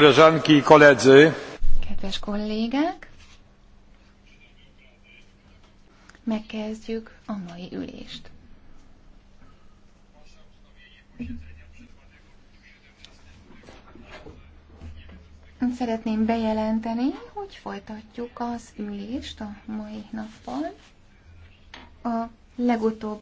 Koleżanki i koledzy. Kedves kollégák, megkezdjük a mai ülést. Szeretném bejelenteni, hogy folytatjuk az ülést a mai nappal. A legutóbb